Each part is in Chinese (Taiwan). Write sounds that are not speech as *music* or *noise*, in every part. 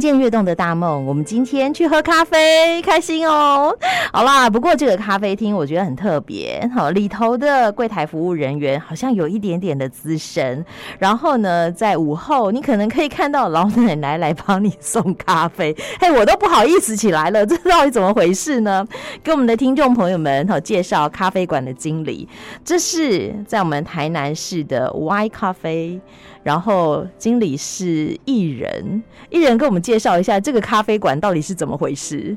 聽見躍動的大夢，我們今天去喝咖啡，開心哦！好啦，不過這個咖啡廳我覺得很特別，好，裡頭的櫃台服務人員好像有一點點的資深。然後呢，在午後，你可能可以看到老奶奶來幫你送咖啡，嘿，我都不好意思起來了，這到底怎麼回事呢？給我們的聽眾朋友們，好，介紹咖啡館的經理，這是在我們台南市的 Y 咖啡。然後，經理是藝人，藝人跟我們介紹一下這個咖啡館到底是怎麼回事。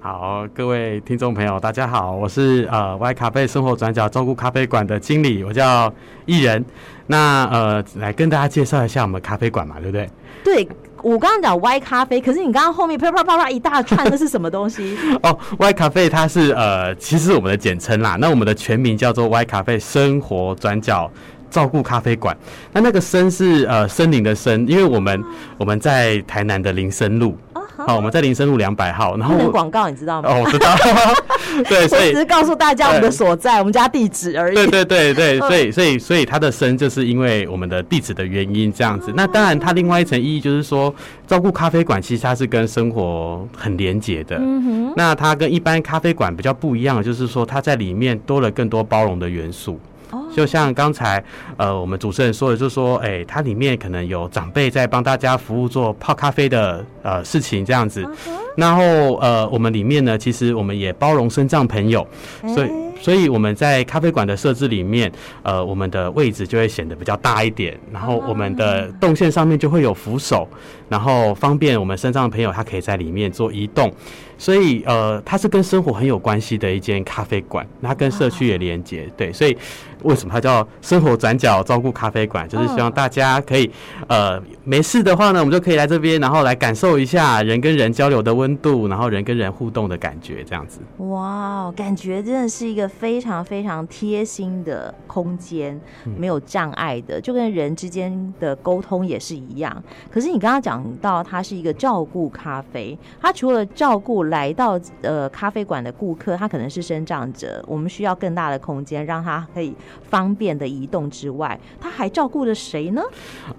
好，各位聽眾朋友，大家好，我是呃 Y 咖啡森活轉角照顧咖啡館的經理，我叫藝人。那呃，來跟大家介紹一下我們咖啡館嘛，對不對？對，我剛剛講 Y 咖啡，可是你剛剛後面啪啪啪啪一大串，那 *laughs* 是什麼東西？哦，oh，Y 咖啡它是呃，其實我們的簡稱啦。那我們的全名叫做 Y 咖啡森活轉角。照顧咖啡館，那那個“森”是呃“森林”的“森”，因為我們、啊、我們在台南的林森路，好、啊啊，我們在林森路兩百號。然後廣告你知道嗎？哦，我知道。 *laughs* *laughs* 對，所以我只是告訴大家我們的所在， *laughs* 我們家地址而已。對對對對，對、啊，所以所以所以，所以它的“森”就是因為我們的地址的原因這樣子。啊、那當然，它另外一層意義就是說，照顧咖啡館其實它是跟生活很連結的。嗯哼。那它跟一般咖啡館比較不一樣，就是說它在裡面多了更多包容的元素。哦、啊。就像剛才呃，我們主持人說的，就是說哎，它裡面可能有長輩在幫大家服務，做泡咖啡的呃事情這樣子，然後呃，我們裡面呢，其實我們也包容身障朋友，所以所以我們在咖啡館的設置裡面，呃，我們的位置就會顯得比較大一點，然後我們的動線上面就會有扶手，然後方便我們身障朋友他可以在裡面做移動，所以呃，它是跟生活很有關係的一間咖啡館，它跟社區也連接，對，所以我。什麼？它叫森活轉角照顧咖啡館，就是希望大家可以、嗯，呃，沒事的話呢，我們就可以來這邊，然後來感受一下人跟人交流的溫度，然後人跟人互動的感覺，這樣子。哇，感覺真的是一個非常非常貼心的空間，嗯、沒有障礙的，就跟人之間的溝通也是一樣。可是你剛剛講到，它是一個照顧咖啡，它除了照顧來到呃咖啡館的顧客，它可能是生長者，我們需要更大的空間讓它可以。方便的移動之外，他還照顧了誰呢？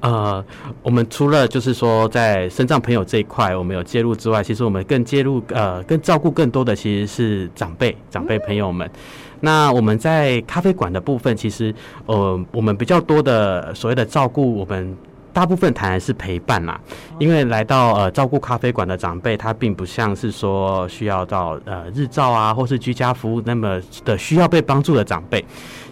呃，我們除了就是說在身障朋友這一塊我們有介入之外，其實我們更介入呃更照顧更多的其實是長輩長輩朋友們、嗯。那我們在咖啡館的部分，其實呃我們比較多的所謂的照顧，我們大部分談的是陪伴啦、啊。因為來到呃照顧咖啡館的長輩，他並不像是說需要到呃日照啊或是居家服務那麼的需要被幫助的長輩。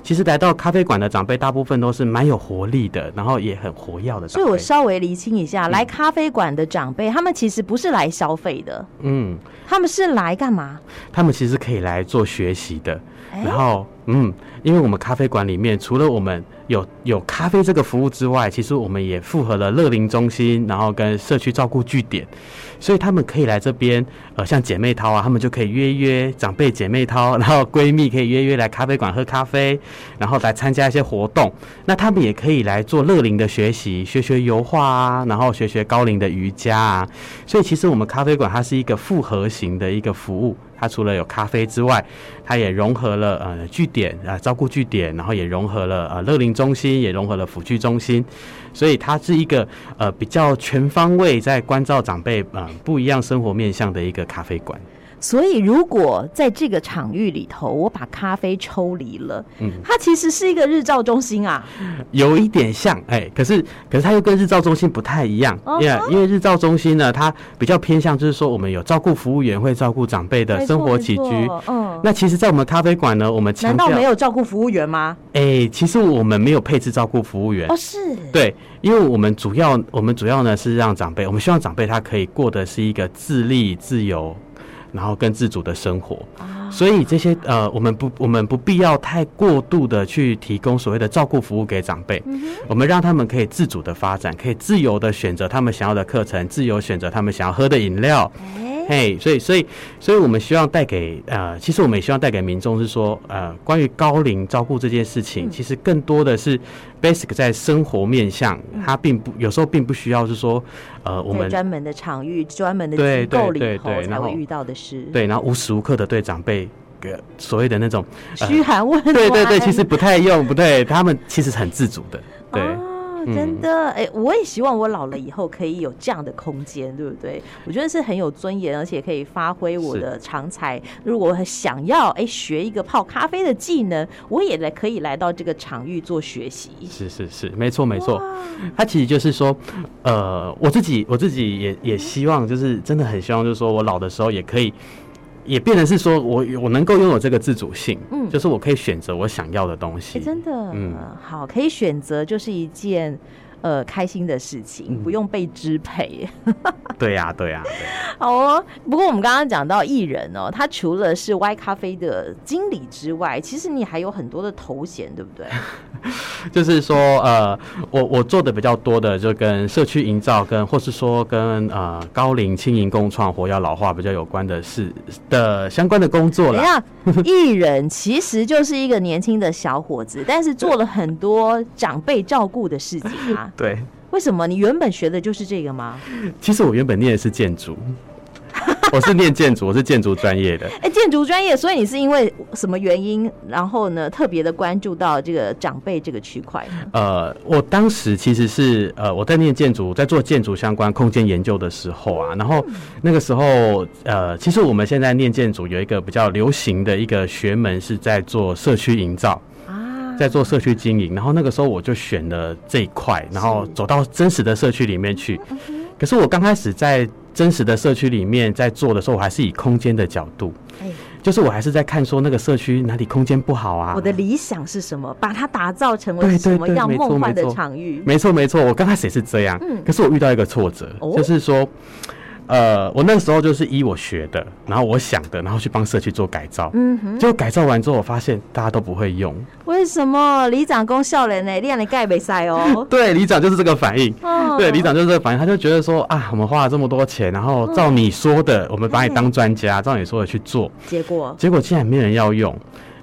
其實來到咖啡館的長輩，大部分都是蠻有活力的，然後也很活躍的長輩。所以，我稍微釐清一下，嗯，來咖啡館的長輩，他們其實不是來消費的，嗯，他們是來幹嘛？他們其實可以來做學習的。然後，嗯，因為我們咖啡館裡面，除了我們有有咖啡這個服務之外，其實我們也複合了樂齡中心，然後跟社區照顧據點，所以他們可以來這邊，呃，像姐妹淘啊，他們就可以約約長輩姐妹淘，然後閨蜜可以約約來咖啡館喝咖啡。然後來參加一些活動，那他們也可以來做樂齡的學習，學學油畫啊，然後學學高齡的瑜伽啊。所以其實我們咖啡館它是一個複合型的一個服務，它除了有咖啡之外，它也融合了呃據點啊、呃、照顧據點，然後也融合了呃樂齡中心，也融合了輔具中心，所以它是一個呃比較全方位在關照長輩嗯、呃、不一樣生活面向的一個咖啡館。所以，如果在這個場域裡頭，我把咖啡抽離了，嗯，它其實是一個日照中心啊，有一點像，哎、欸，可是可是它又跟日照中心不太一樣，Okay. Yeah, 因為日照中心呢，它比較偏向就是說我們有照顧服務員，會照顧長輩的生活起居，那其實，在我們咖啡館呢，我們難道沒有照顧服務員嗎？哎、欸，其實我們沒有配置照顧服務員，哦、oh，是，對，因為我們主要我們主要呢是讓長輩，我們希望長輩他可以過的是一個自立自由。然後更自主的生活。所以這些呃，我們不，我們不必要太過度的去提供所謂的照顧服務給長輩、嗯，我們讓他們可以自主的發展，可以自由的選擇他們想要的課程，自由選擇他們想要喝的飲料。哎、欸，hey, 所以，所以，所以我們希望帶給呃，其實我們也希望帶給民眾是說，呃，關於高齡照顧這件事情、嗯，其實更多的是 basic 在生活面向，嗯、他並不有時候並不需要是說，呃，我們專門的場域，專門的機構裡頭才會遇到的事對對對，對，然後無時無刻的對長輩。個所謂的那種噓、呃、寒問暖，對對對，其實不太用，不對，他們其實很自主的，對，哦、真的，哎、嗯欸，我也希望我老了以後可以有這樣的空間，對不對？我覺得是很有尊嚴，而且可以發揮我的長才。如果想要哎、欸、學一個泡咖啡的技能，我也來可以來到這個場域做學習。是是是，沒錯沒錯，他其實就是說，呃，我自己我自己也也希望，就是真的很希望，就是說我老的時候也可以。也變得是說我，我我能夠擁有這個自主性，嗯，就是我可以選擇我想要的東西，欸、真的，嗯，好，可以選擇就是一件。呃，開心的事情不用被支配。嗯、 *laughs* 對呀、啊，對呀、啊。哦、啊，不過我們剛剛講到藝人哦，他除了是 Y 咖啡的經理之外，其實你還有很多的頭銜，對不對？就是說，呃，我我做的比較多的，就跟社區營造，跟或是說跟呃高齡、青銀、共創、活躍老化比較有關的事的相關的工作了。 *laughs* 藝人其實就是一個年輕的小夥子， *laughs* 但是做了很多長輩照顧的事情啊。 *laughs* 對，為什麼你原本學的就是這個嗎？其實我原本念的是建築， *laughs* 我是念建築，我是建築專業的。哎 *laughs* 欸，建築專業，所以你是因為什麼原因，然後呢，特別的關注到這個長輩這個區塊？呃，我當時其實是呃我在念建築，在做建築相關空間研究的時候啊，然後那個時候呃，其實我們現在念建築有一個比較流行的一個學門是在做社區營造。在做社區經營，然後那個時候我就選了這一塊，然後走到真實的社區裡面去。是可是我剛開始在真實的社區裡面在做的時候，我還是以空間的角度、哎，就是我還是在看說那個社區哪裡空間不好啊。我的理想是什麼？把它打造成為什麼樣夢幻的場域？沒錯沒錯，我剛開始也是這樣、嗯。可是我遇到一個挫折，哦、就是說。呃，我那個時候就是依我學的，然後我想的，然後去幫社區做改造。嗯哼。結果改造完之後，我發現大家都不會用。為什麼？里長功笑人呢？你讓你改袂使哦。 *laughs* 對，里長就是這個反應。哦、對，里長就是這個反應，他就覺得說啊，我們花了這麼多錢，然後照你說的，嗯、我們把你當專家、嗯，照你說的去做。結果。結果竟然沒人要用。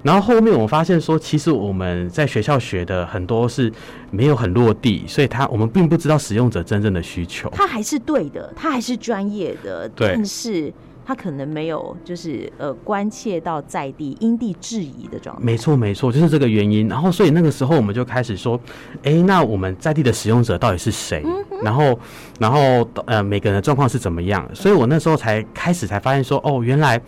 然後後面我發現說，其實我們在學校學的很多是沒有很落地，所以他我們並不知道使用者真正的需求。他還是對的，他還是專業的，但是他可能沒有就是呃關切到在地因地制宜的狀態。沒錯，沒錯，就是這個原因。然後所以那個時候我們就開始說，哎，那我們在地的使用者到底是誰？嗯、然後，然後呃每個人的狀況是怎麼樣？所以我那時候才開始才發現說，哦，原來。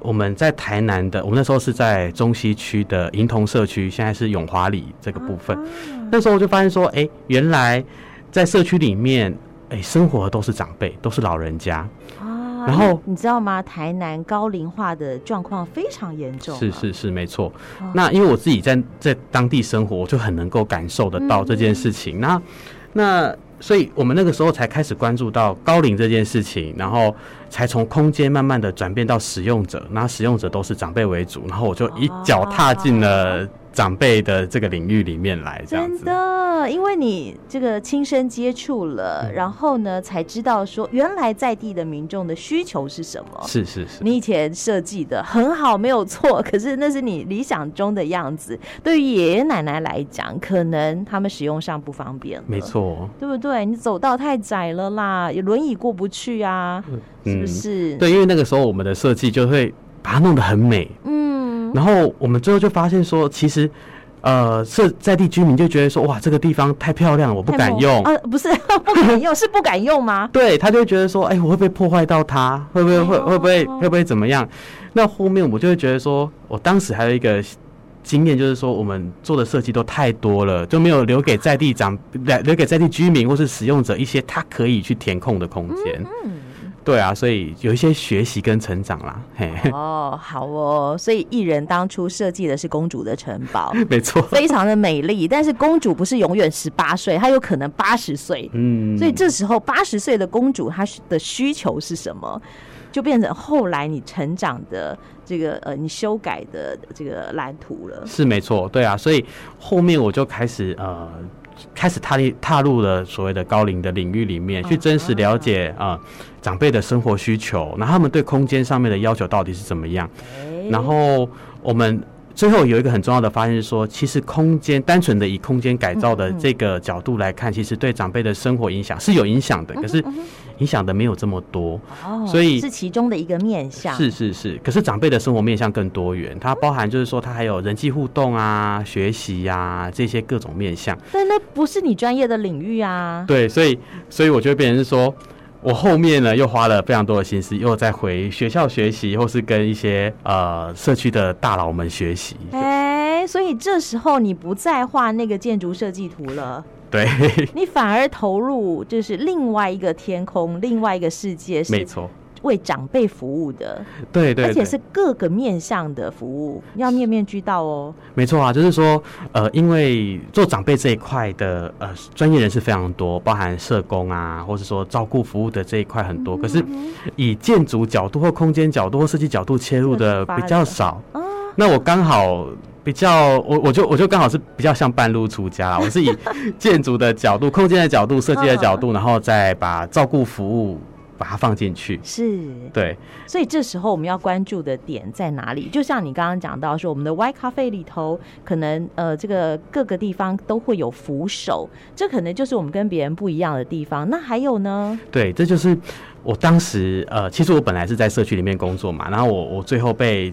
我們在台南的，我們那時候是在中西區的銀同社區，現在是永華里這個部分。啊、那時候我就發現說，哎，原來在社區裡面，哎，生活的都是長輩，都是老人家。啊、然後你知道嗎？台南高齡化的狀況非常嚴重，啊。是是是，沒錯。那因為我自己在在當地生活，我就很能夠感受得到這件事情。那、嗯、那。那所以我們那個時候才開始關注到高齡這件事情，然後才從空間慢慢的轉變到使用者，那使用者都是長輩為主，然後我就一腳踏進了長輩的這個領域裡面來，真的，因為你這個親身接觸了，嗯、然後呢，才知道說原來在地的民眾的需求是什麼。是是是，你以前設計的很好，沒有錯，可是那是你理想中的樣子。對於爺爺奶奶來講，可能他們使用上不方便。沒錯，對不對？你走道太窄了啦，輪椅過不去啊，嗯、是不是？對，因為那個時候我們的設計就會把它弄得很美。嗯。然後我們最後就發現說，其實，呃，是在地居民就覺得說，哇，這個地方太漂亮了，我不敢用。呃，不是不敢用，是不敢用嗎？ *laughs* 對，他就覺得說，哎，我會被破壞到他，他會不會、哎、會會不會會不會怎麼樣？那後面我就會覺得說，我當時還有一個經驗就是說，我們做的設計都太多了，就沒有留給在地長，留給在地居民或是使用者一些他可以去填空的空間。嗯嗯對啊，所以有一些學習跟成長啦。嘿。哦，好哦，所以藝人當初設計的是公主的城堡，沒錯，非常的美麗。但是公主不是永遠十八歲，她有可能八十歲。嗯，所以這時候八十歲的公主她的需求是什麼？就變成後來你成長的這個呃，你修改的這個藍圖了。是沒錯，對啊，所以後面我就開始呃。開始踏踏入了所謂的高齡的領域裡面，去真實了解啊、uh -huh. 呃、長輩的生活需求，那他們對空間上面的要求到底是怎麼樣？Okay. 然後我們最後有一個很重要的發現，是說其實空間單純的以空間改造的這個角度來看，uh -huh. 其實對長輩的生活影響是有影響的。可是。Uh -huh. 你想的沒有這麼多，哦、所以是其中的一個面向。是是是，可是長輩的生活面向更多元，它包含就是說，它還有人際互動啊、學習呀、啊、這些各種面向。但那不是你專業的領域啊。對，所以所以我就會變成說我後面呢，又花了非常多的心思，又再回學校學習，或是跟一些呃社區的大佬們學習。哎、欸，所以這時候你不再畫那個建築設計圖了。對，你反而投入，就是另外一個天空，另外一個世界。沒錯，為長輩服務的，對對，而且是各個面向的服務，對對對，要面面俱到哦。沒錯啊，就是說，呃，因為做長輩這一塊的，呃，專業人士非常多，包含社工啊，或是說照顧服務的這一塊很多，嗯，可是以建築角度或空間角度或設計角度切入的比較少。的的啊、那我剛好。比較我我就我就剛好是比較像半路出家，我是以建築的角度， *laughs* 空間的角度，設計的角度，然後再把照顧服務把它放進去。是，對，所以這時候我們要關注的點在哪裡？就像你剛剛講到說，我們的 Y 咖啡裡頭可能呃這個各個地方都會有扶手，這可能就是我們跟別人不一樣的地方。那還有呢？對，這就是我當時呃，其實我本來是在社區裡面工作嘛，然後我我最後被。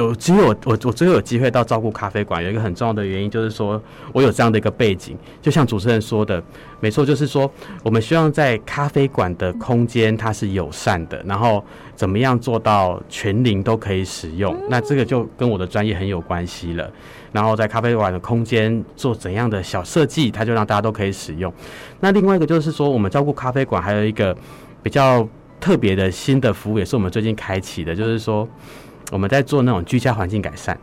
有機會，我我最後有機會到照顧咖啡館，有一個很重要的原因就是說我有這樣的一個背景，就像主持人說的，沒錯，就是說我們希望在咖啡館的空間它是友善的，然後怎麼樣做到全齡都可以使用，那這個就跟我的專業很有關係了。然後在咖啡館的空間做怎樣的小設計，它就讓大家都可以使用。那另外一個就是說，我們照顧咖啡館還有一個比較特別的新的服務，也是我們最近開啟的，就是說。我們在做那種居家環境改善，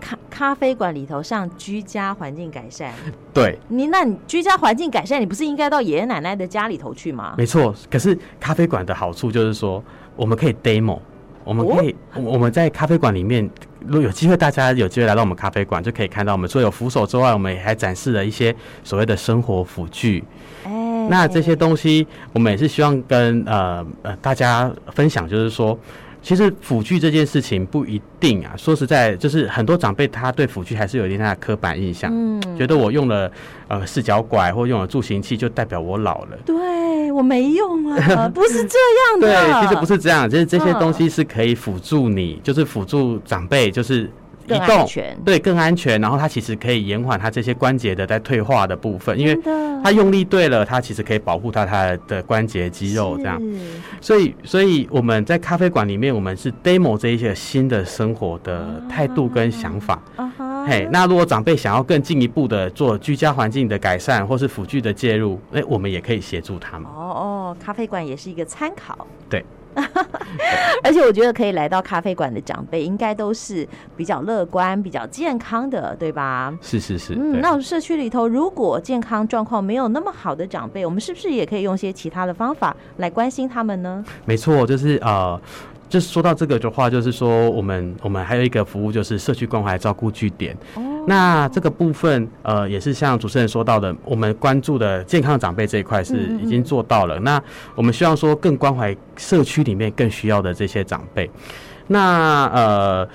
咖咖啡館裡頭上居家環境改善，對，你那你居家環境改善，你不是應該到爺爺奶奶的家裡頭去嗎？沒錯，可是咖啡館的好處就是說，我們可以 demo，我們可以，哦、我，我們在咖啡館裡面，如果有機會，大家有機會來到我們咖啡館，就可以看到我們除了有扶手之外，我們也還展示了一些所謂的生活輔具。哎哎，那這些東西我們也是希望跟呃呃大家分享，就是說。其實輔具這件事情不一定啊，說實在，就是很多長輩他對輔具還是有一點大的刻板印象，嗯、覺得我用了、嗯、呃四腳拐，或用了助行器就代表我老了。對，我沒用啊， *laughs* 不是這樣的。對，其實不是這樣，就是這些東西是可以輔助你，就是輔助長輩，就是。就是更安全，移動，對，更安全，然後它其實可以延緩它這些關節的在退化的部分，因為它用力對了，它其實可以保護它它的關節肌肉這樣。所以所以我們在咖啡館裡面，我們是 demo 這一些新的生活的態度跟想法。啊哈，那如果長輩想要更進一步的做居家環境的改善，或是輔具的介入，那、欸、我們也可以協助他們。哦哦，咖啡館也是一個參考。對。 *laughs* 而且我覺得可以來到咖啡館的長輩，應該都是比較樂觀、比較健康的，對吧？是是是。嗯，那社區裡頭如果健康狀況沒有那麼好的長輩，我們是不是也可以用一些其他的方法來關心他們呢？沒錯，就是呃。就是說到這個的話，就是說我們我們還有一個服務，就是社區關懷照顧據點。哦、oh.，那這個部分，呃，也是像主持人說到的，我們關注的健康長輩這一塊是已經做到了。Mm-hmm. 那我們需要說更關懷社區裡面更需要的這些長輩。那呃。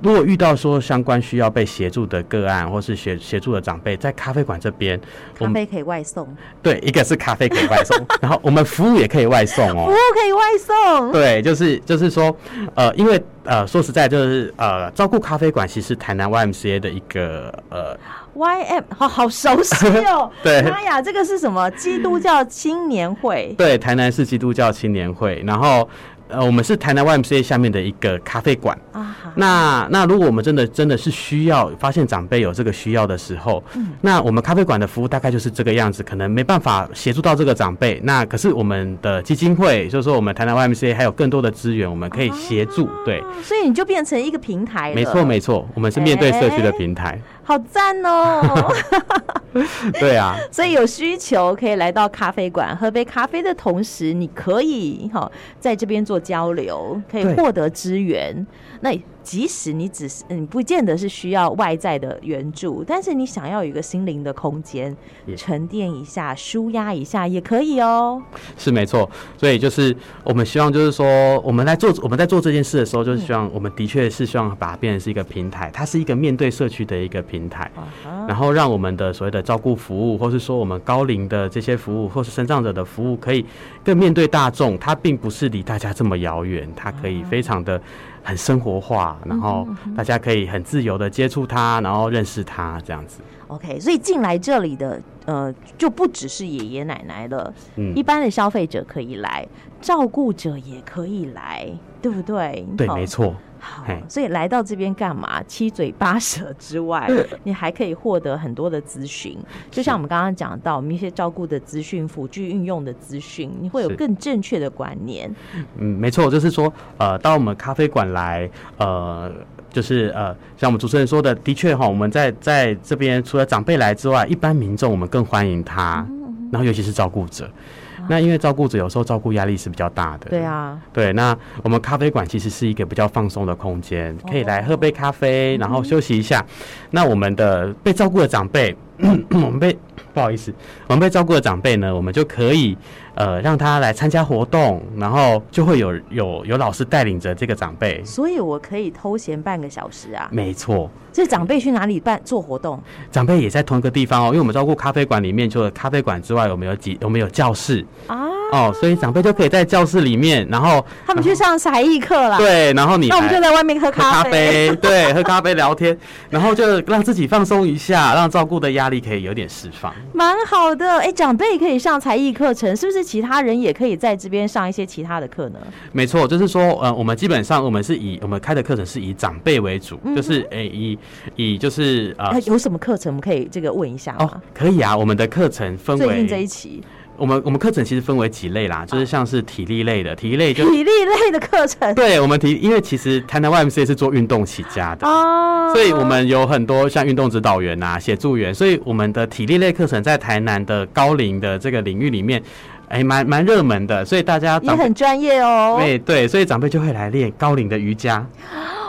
如果遇到說相關需要被協助的個案，或是協協助的長輩，在咖啡館這邊，我們咖啡可以外送。對，一個是咖啡可以外送，然後我們服務也可以外送哦。服務可以外送。對，就是就是說，呃，因為呃，說實在就是呃，照顧咖啡館其實台南 YMCA 的一個呃，YM 好好熟悉哦。對，媽呀，這個是什麼？基督教青年會。對，台南是基督教青年會，然後。呃，我們是台南 YMCA 下面的一個咖啡館啊。那那如果我們真的真的是需要發現長輩有這個需要的時候，嗯，那我們咖啡館的服務大概就是這個樣子，可能沒辦法協助到這個長輩。那可是我們的基金會，就是說我們台南 YMCA 還有更多的資源，我們可以協助、啊、對。所以你就變成一個平台了。沒錯沒錯，我們是面對社區的平台。欸、好讚哦！ *laughs* *laughs* 對啊，所以有需求可以來到咖啡館喝杯咖啡的同時，你可以哈在這邊做交流，可以獲得資源。那。即使你只是，嗯，不見得是需要外在的援助，但是你想要有一個心靈的空間，yeah. 沉澱一下、舒壓一下也可以哦。是沒錯，所以就是我們希望，就是說，我們在做，我們在做這件事的時候，就是希望我們的確是希望把它變成是一個平台，它是一個面對社區的一個平台，uh -huh. 然後讓我們的所謂的照顧服務，或是說我們高齡的這些服務，或是身障者的服務，可以更面對大眾，它並不是離大家這麼遙遠，它可以非常的。Uh -huh. 很生活化，然後大家可以很自由的接觸他，然後認識他，這樣子。OK，所以進來這裡的呃，就不只是爺爺奶奶了，嗯，一般的消費者可以來，照顧者也可以來，對不對？對，Oh. 沒錯。好，所以來到這邊幹嘛？七嘴八舌之外， *laughs* 你還可以獲得很多的資訊。就像我們剛剛講到，我們一些照顧的資訊、輔具運用的資訊，你會有更正確的觀念。嗯，沒錯，就是說，呃，到我們咖啡館來，呃，就是呃，像我們主持人說的，的確哈，我們在在這邊除了長輩來之外，一般民眾我們更歡迎他，嗯嗯，然後尤其是照顧者。那因為照顧者有時候照顧壓力是比較大的，對啊，對。那我們咖啡館其實是一個比較放鬆的空間，哦，可以來喝杯咖啡，然後休息一下。嗯嗯，那我們的被照顧的長輩。 *coughs* 我們被，不好意思，我們被照顧的長輩呢，我們就可以呃讓他來參加活動，然後就會有有有老師帶領着這個長輩，所以我可以偷閒半個小時啊。沒錯，這長輩去哪裡辦做活動？長輩也在同一個地方哦，因為我們照顧咖啡館裡面除了咖啡館之外，有沒有幾有沒有教室啊？哦，所以長輩就可以在教室裡面，然後他們去上才藝課啦、嗯。對，然後你那我們就在外面喝咖啡，喝咖啡 *laughs* 對，喝咖啡聊天，然後就讓自己放鬆一下， *laughs* 讓照顧的壓力可以有點釋放。蠻好的，哎、欸，長輩可以上才藝課程，是不是？其他人也可以在這邊上一些其他的課呢？沒錯，就是說，呃，我們基本上我們是以我們開的課程是以長輩為主，嗯、就是哎、欸，以以就是呃、欸，有什麼課程我們可以這個問一下哦。可以啊，我們的課程分為最近這一期我們我們課程其實分為幾類啦，就是像是體力類的，體力類就體力類的課程。對，我們體，因為其實台南 YMCA 是做運動起家的哦，所以我們有很多像運動指導員啊、協助員，所以我們的體力類課程在台南的高齡的這個領域裡面，哎，蠻蠻熱門的，所以大家也很專業哦。對對，所以長輩就會來練高齡的瑜伽，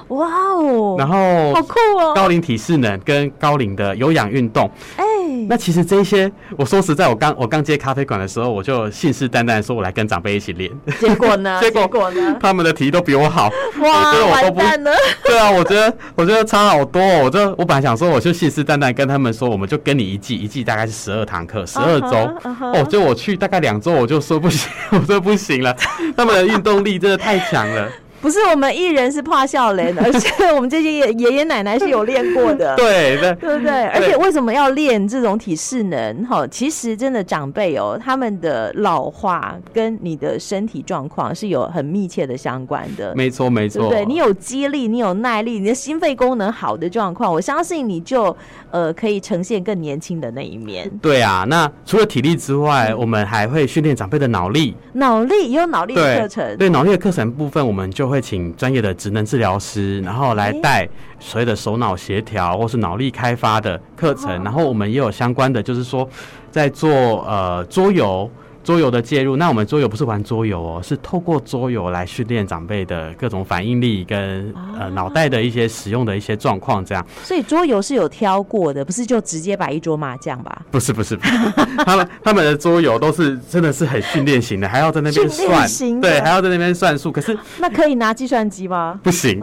哇哦，然後好酷哦，高齡體適能，跟高齡的有氧運動。哎那其實這些，我說實在，我剛我剛接咖啡館的時候，我就信誓旦旦說，我來跟長輩一起練。結果呢 *laughs* 結果？結果呢？他們的題都比我好，哇！我覺得我都不完蛋了。對啊，我覺得我覺得差好多哦。我就我本來想說，我就信誓旦旦跟他們說，我們就跟你一季，一季大概是十二堂課，十二周。Uh-huh, uh-huh. 哦，就我去大概兩周，我就說不行，我說不行了。 *laughs* 他們的運動力真的太強了。不是我們藝人是怕笑人的， *laughs* 而是我們這些爺爺奶奶是有練過的， *laughs* 對 *laughs* 對不對,對？而且為什麼要練這種體適能？哈，其實真的長輩哦、喔，他們的老化跟你的身體狀況是有很密切的相關的。沒錯沒錯，對,對你有肌力，你有耐力，你的心肺功能好的狀況，我相信你就呃可以呈現更年輕的那一面。對啊，那除了體力之外，嗯、我們還會訓練長輩的腦力。腦力也有腦力的課程，對腦力的課程部分，我們就。會請專業的職能治療師，然後來帶所謂的手腦協調或是腦力開發的課程，然後我們也有相關的，就是說在做呃桌遊。桌遊的介入，那我們桌遊不是玩桌遊哦，是透過桌遊來訓練長輩的各種反應力跟、啊、呃腦袋的一些使用的一些狀況，這樣。所以桌遊是有挑過的，不是就直接擺一桌麻將吧？不是不是，不是， *laughs* 他們他們的桌遊都是真的是很訓練型的，還要在那邊算，對，還要在那邊算數。可是那可以拿計算機嗎？不行。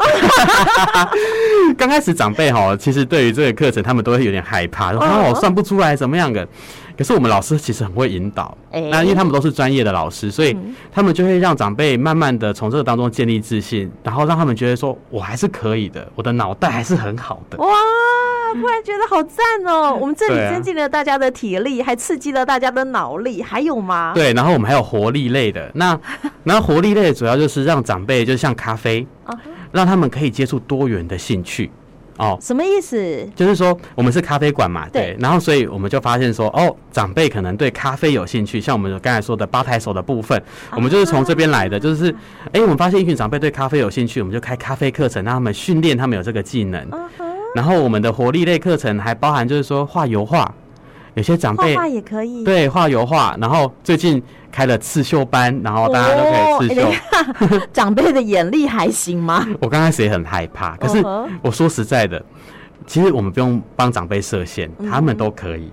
剛 *laughs* 開始長輩哈，其實對於這個課程，他們都會有點害怕，說哦算不出來怎麼樣的。可是我們老師其實很會引導，那因為他們都是專業的老師，所以他們就會讓長輩慢慢的從這個當中建立自信，然後讓他們覺得說，我還是可以的，我的腦袋還是很好的。哇，突然覺得好讚哦！ *laughs* 我們這裡增進了大家的體力， *laughs* 還刺激了大家的腦力，還有嗎？對，然後我們還有活力類的，那那活力類的主要就是讓長輩就像咖啡 *laughs* 讓他們可以接觸多元的興趣。哦，什麼意思？就是說我們是咖啡館嘛，對，對。然後所以我們就發現說，哦，長輩可能對咖啡有興趣，像我們剛才說的吧台手的部分，我們就是從這邊來的，uh -huh. 就是，誒、欸、我們發現一群長輩對咖啡有興趣，我們就開咖啡課程，讓他們訓練他們有這個技能。Uh -huh. 然後我們的活力類課程還包含就是說畫油畫，有些長輩畫也可以，對，畫油畫。然後最近。開了刺繡班，然後大家都可以刺繡。喔、欸、 *laughs* 長輩的眼力還行嗎？我剛開始也很害怕，可是我說實在的，其實我們不用幫長輩設限，嗯，他們都可以。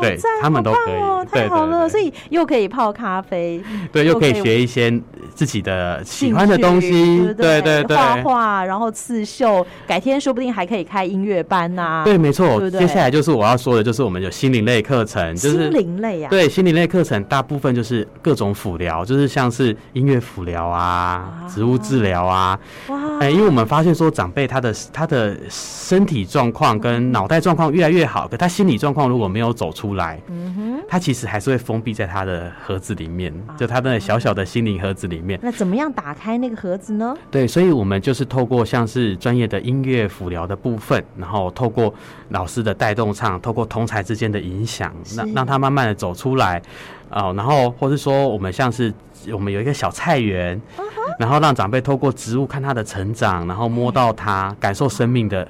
對、哦，他們都可以，太好了對對對，所以又可以泡咖啡，對，又可以學一些自己的喜歡的東西，對對對，畫畫，然後刺繡，改天說不定還可以開音樂班吶、啊。對，沒錯，接下來就是我要說的，就是我們有心靈類課程，就是心靈類啊。對，心靈類課程大部分就是各種輔療，就是像是音樂輔療啊，植物治療啊。哇，哎、欸，因為我們發現說長輩他的他的身體狀況跟腦袋狀況越來越好，嗯、可他心理狀況如果沒有走出出來，嗯哼，他其實還是會封閉在他的盒子裡面，啊啊就他的小小的心靈盒子裡面。那怎麼樣打開那個盒子呢？對，所以我們就是透過像是專業的音樂輔療的部分，然後透過老師的帶動唱，透過同儕之間的影響，讓讓他慢慢的走出來，哦、呃，然後或是說我們像是我們有一個小菜園、啊，然後讓長輩透過植物看它的成長，然後摸到它、嗯，感受生命的。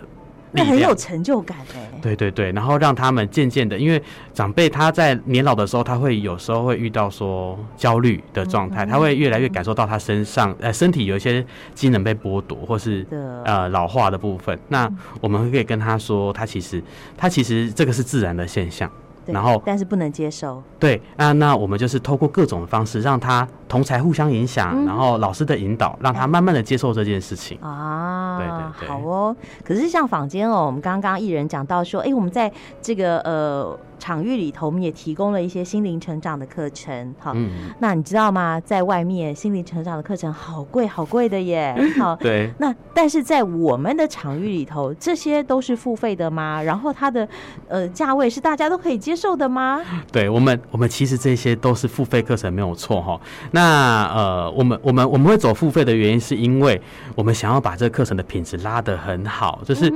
那很有成就感哎！對對對，然後讓他們漸漸的，因為長輩他在年老的時候，他會有時候會遇到說焦慮的狀態，他會越來越感受到他身上呃身體有一些機能被剝奪，或是呃老化的部分。那我們可以跟他說，他其實他其實這個是自然的現象。然後，但是不能接受。對，啊，那我們就是透過各種方式讓他同才互相影響，嗯、然後老師的引導，讓他慢慢的接受這件事情啊、嗯。對對對、啊。好哦。可是像坊間哦，我們剛剛藝人講到說，哎，我們在這個呃。場域裡頭，我們也提供了一些心靈成長的課程，好、嗯。那你知道嗎？在外面，心靈成長的課程好貴，好貴的耶。好，對。那但是在我們的場域裡頭，這些都是付費的嗎？然後它的呃價位是大家都可以接受的嗎？對我們，我們其實這些都是付費課程，沒有錯哈。那呃，我們我們我們會走付費的原因，是因為我們想要把這課程的品質拉得很好。就是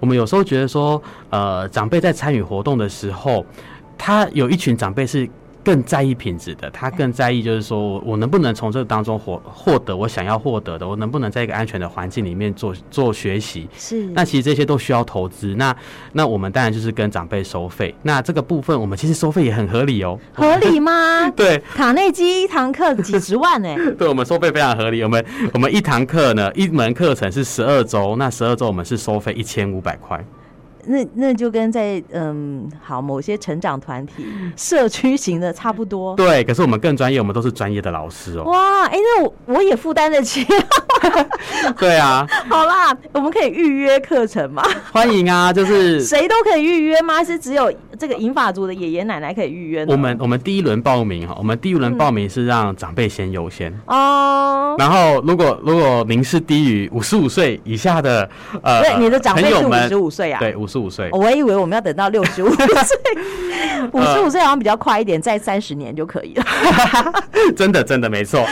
我們有時候覺得說，呃，長輩在參與活動的時候。他有一群長輩是更在意品質的，他更在意就是說，我能不能從這當中獲獲得我想要獲得的，我能不能在一個安全的環境裡面做做學習？是。那其實這些都需要投資。那那我們當然就是跟長輩收費。那這個部分我們其實收費也很合理哦。合理嗎？ *laughs* 對。卡內基一堂課幾十萬呢、欸， *laughs* 對，我們收費非常合理。我們我們一堂課呢，一門課程是十二周，那十二周我們是收費一千五百塊。那那就跟在嗯好某些成長團體、社區型的差不多。對，可是我們更專業，我們都是專業的老師哦、喔。哇，哎、欸，那我我也負擔得起。 *laughs* *laughs* 對啊， *laughs* 好啦，我們可以預約課程嘛？歡迎啊，就是誰都可以預約嗎？是只有這個銀髮族的爺爺奶奶可以預約？我們我們第一輪報名哈，我們第一輪報，報名是讓長輩先優先哦、嗯。然後如果如果您是低於五十五歲以下的，呃，對，你的長輩是五十五歲啊？對，五十五歲。我以為我們要等到六十五歲。 *laughs* 五十五歲好像比較快一點，uh, 再三十年就可以了 *laughs* 真的，真的沒錯。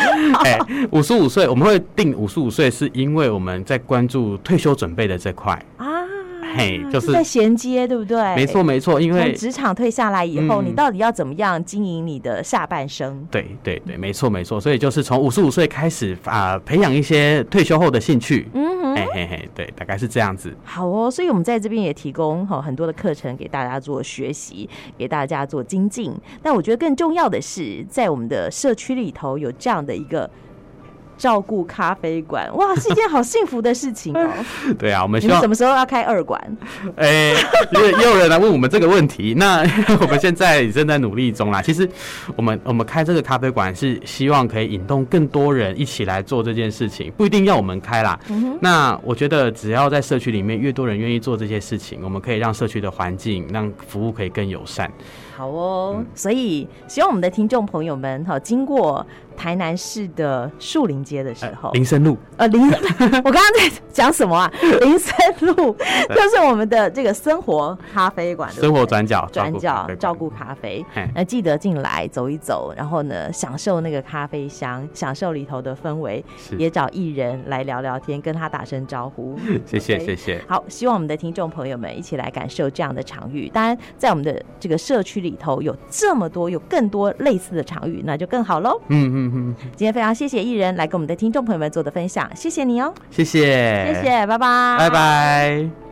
哎、 *laughs* 欸，五十五歲我們會定五十五歲，是因為我們在關注退休準備的這塊啊。Uh. 嘿，就是、啊、就在銜接，對不對？沒錯，沒錯。因為職場退下來以後、嗯，你到底要怎麼樣經營你的下半生？對，對，對，沒錯，沒錯。所以就是從五十五歲開始啊、嗯呃，培養一些退休後的興趣嗯。嗯，嘿嘿嘿，對，大概是這樣子。好哦，所以我們在這邊也提供很多的課程給大家做學習，給大家做精進。但我覺得更重要的是，在我們的社區裡頭有這樣的一個。照顧咖啡館，哇，是一件好幸福的事情哦。嗯、對啊，我們希望你們什麼時候要開二館？哎，也有人來問我們這個問題， *laughs* 那我們現在也正在努力中啦。其實，我們我們開這個咖啡館是希望可以引動更多人一起來做這件事情，不一定要我們開啦。嗯、那我覺得，只要在社區裡面越多人願意做這些事情，我們可以讓社區的環境、讓服務可以更友善。好哦，嗯、所以希望我們的聽眾朋友們哈，經過。台南市的樹林街的時候，呃、林森路，呃，林， *laughs* 我剛剛在講什麼啊？ *laughs* 林森路就是我們的這個森活咖啡館，森活轉角，轉角照顧咖啡，咖啡，嗯，那記得進來走一走，然後呢，享受那個咖啡香，享受裡頭的氛圍，也找藝人來聊聊天，跟他打聲招呼。 *laughs* 謝謝，謝謝。好，希望我們的聽眾朋友們一起來感受這樣的場域。當然，在我們的這個社區裡頭有這麼多，有更多類似的場域，那就更好嘍。嗯嗯。今天非常謝謝藝人來跟我們的聽眾朋友們做的分享，謝謝你哦，謝謝，謝謝，拜拜，拜拜。